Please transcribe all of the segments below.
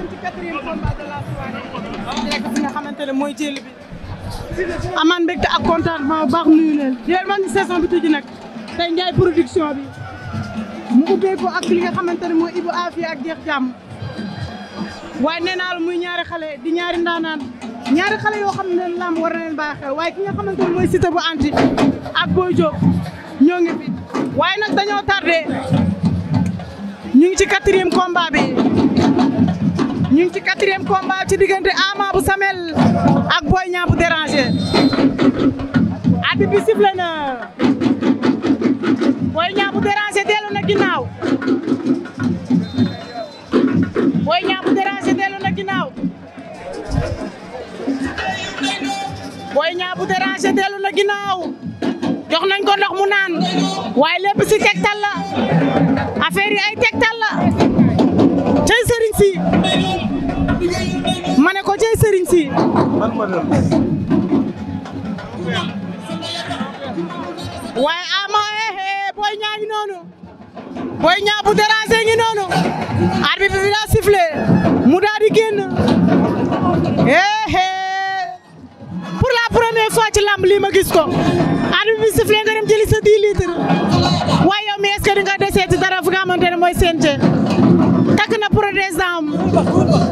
jëm ci quatrième combat de la soirée. direct fi nga bi. amaan mbégte ak contentement bu baax nuyu leen di leen wax ni saison bi tëj nag tey Ndiaye production bi mu ubbee ko ak li nga xamante ne mooy Ibou Afia ak jeex jàmm waaye nee muy ñaari xale di ñaari ndaanaan ñaari xale yoo xam ne làmb war na leen waaye ki nga xamante ne mooy bu anti ak Boy Diop ñoo ngi fi waaye nag dañoo tardé ñu ngi ci quatrième combat bi ñu ngi ci quatrième ci diggante Ama bu Samel ak Boy Niang bu déranger. arbitre bi sifflé na Boy bu déranger dellu na ginnaaw. Boy Niang bu déranger dellu na ginnaaw. jox nañ ko ndox mu naan waaye lépp si tegtal la affaire ay tegtal la. tey sëriñ mane ko cey sëriñ si waaye ama ee eh, eh, booy ñaa ngi noonu booy ñaa bu dérangé ngi noonu arbitre bi daa sifflé mu daal di génn ee eh, pour la première fois lamb lii ma gis ko arbitre bi nga dem jëli sa 10 litres waaye yow mi est nga desee ci dara fu nga xamante ne mooy CNG takk na protège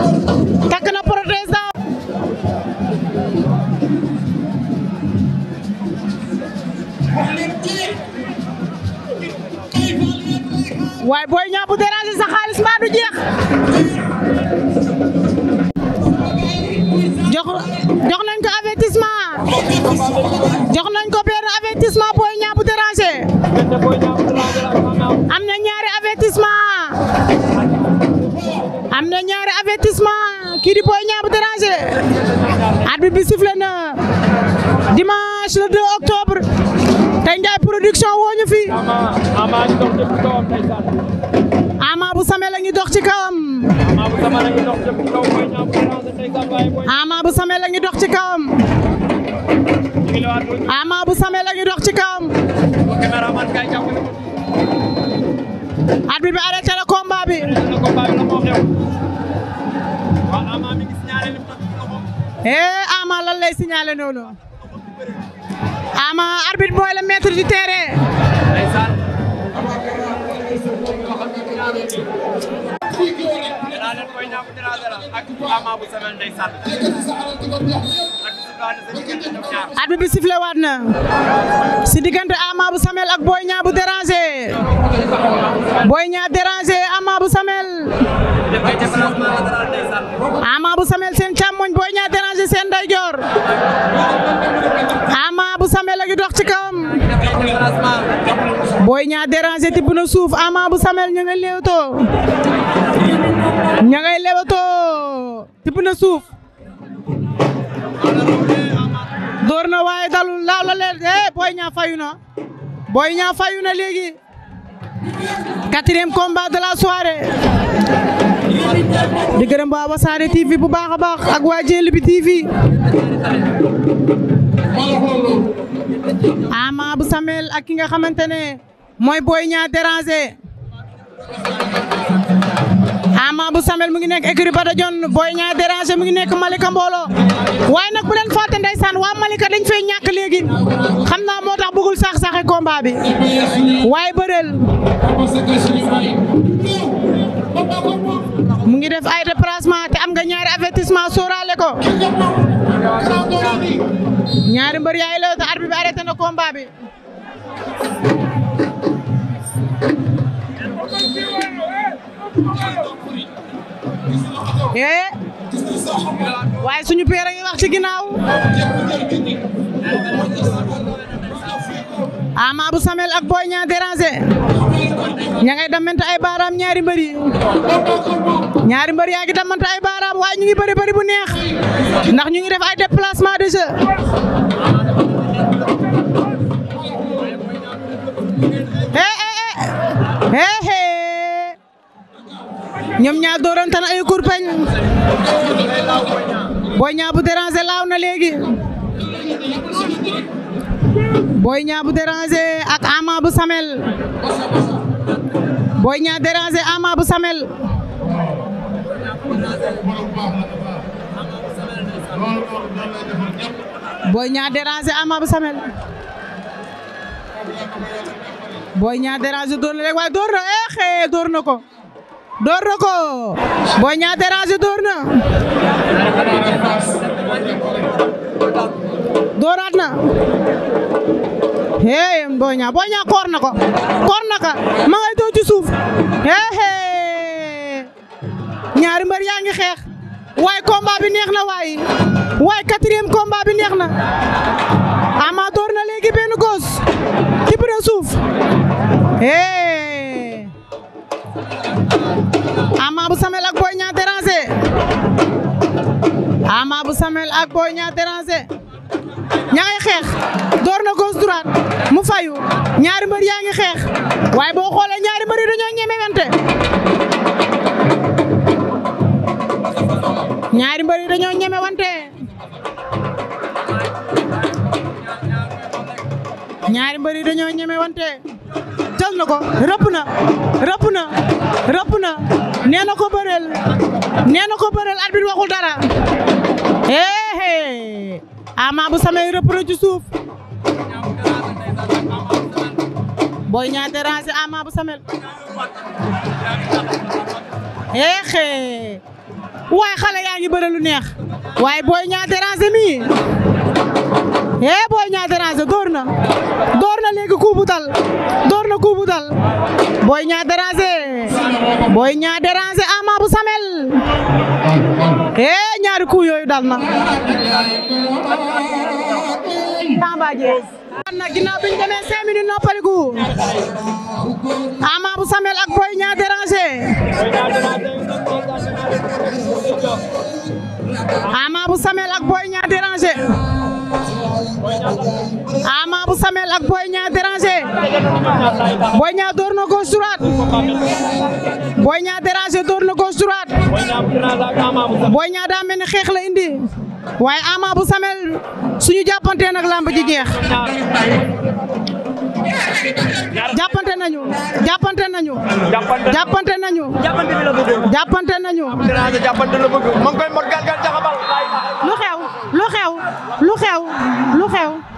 waay booy ñaa bu déranger sa xaalis mbaa jox jox nañ ko avertissement jox nañ ko benn avertissement booy ñaa bu am na ñaari avertissement kii di Boy Niang bu dérangé arbitre na dimanche le 2 octobre tey Ndiaye production woo fi Ama bu Samel la ñu dox ci kawam Ama bu Samel la ñu dox ci bu Samel la ñu dox ci kawam arbitre bi arrêté la eh Ama lan lay signalé noonu Ama arbitre mooy la maître du terrain. arbitre bi sifflé waat na si diggante Ama bu Samel ak booy Niang bu dérangé Boy Niang dérangé Ama bu Samel Ama bu Samel seen càmmoñ Boy ci kawam Boy Niang déranger tibb na suuf Ama bu Samel ña ngay leewtoo ña ngay suuf door na waaye dalul laaw la leen eh Boy Niang fayu na Boy Niang fayu na léegi quatrième combat de la soirée di gërëm waa TV bu baax baax ak waa Jelli TV Ama bu Samel ak ki nga xamante ne mooy Boy Niang déranger Ama bu Samel mu ngi nekk écurie Badajon Boy Niang déranger mu ngi nekk Malika mbooloo waaye nag bu leen fàtte ndeysaan waa Malika dañ fay ñàkk léegi xam naa moo tax bëggul sax saxe combat bi waaye bëreel mu ngi def ay déplacement te am nga ñaari avertissement sóoraale ko ñaari mbër yaay loo sa arbitre bi arrêté na combat bi ee eh, waaye suñu peer a ngi wax ginnaaw Ama bu Samel ak Boy Niang déranger ña ngay damante ay baaraam ñaari mbari ñaari mbari yaa ngi damante ay baaraam waaye ñu ngi bari bëri bu neex ndax ñu ngi def ay déplacement de jeu eh eh eh eh ñoom ñaar dooran tan ay kurpeñ Boy Niang bu déranger laaw na léegi booy Niang bu déranger ak Ama bu Samel Boy Niang déranger Ama bu Samel Boy Niang déranger Ama bu Samel Boy Niang déranger eh na ko door na door dooraat na hee Boy Niang Boy koor na ko koor na ka ma ngay doo ci suuf hee ñaari mbër yaa ngi xeex waaye combat bi neex na waaye waaye quatrième combat bi neex na ama door na léegi benn góos tibb suuf hee ama bu samel ak Boy Ama bu Samel ak Boy Niang déranger xeex door na gauche droite mu fayu ñaari mbër yaa ngi xeex waaye boo xoolee ñaari mbër yi dañoo ñeme wante ñaari mbër yi dañoo ñeme wante ñaari mbër yi dañoo ñeme wante ko rëpp na ko bëreel nee waxul dara hee ama bu samay rëpp na ci suuf Boy Niang déranger ama bu samel hee waaye xale yaa ngi lu neex waaye Boy Niang déranger mi eh Boy Niang déranger door na door na léegi coup bu dal door na coup bu dal bu Samel eh ñaari coup yooyu dal na tambaaje na ginnaaw biñ demee cinq minutes noppaliku Ama bu Samel ak Boy Niang déranger Ama bu Samel ak Boy Niang door na gauche droite Boy Niang déranger door na gauche droite xeex la indi waaye Ama bu Samel suñu jàppante nag làmb ji jeex jàppante nañu jàppante nañu. jàppante nañu. jàppante bi nañu. jàppante la bëgg. lu xew lu xew lu xew.